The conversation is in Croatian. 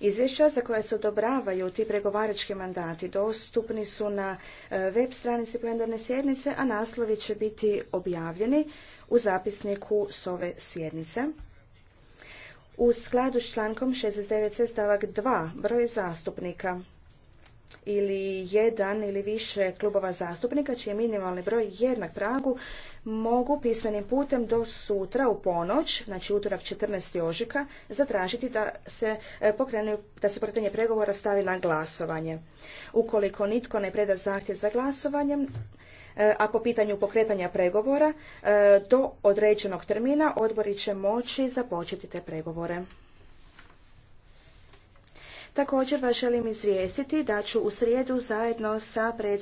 Izvješća za koja se odobravaju ti pregovarački mandati dostupni su na e, web stranici plenarne sjednice, a naslovi će biti objavljeni u zapisniku s ove sjednice. U skladu s člankom 69 stavak 2 broj zastupnika ili jedan ili više klubova zastupnika, čiji je minimalni broj jednak pragu, mogu pismenim putem do sutra u ponoć, znači utorak 14. ožika, zatražiti da se e, pokrenu, da se pokretanje pregovora stavi na glasovanje. Ukoliko nitko ne preda zahtjev za glasovanjem, e, a po pitanju pokretanja pregovora, e, do određenog termina odbori će moći započeti te pregovore. Također vas želim izvijestiti da ću u srijedu zajedno sa pre.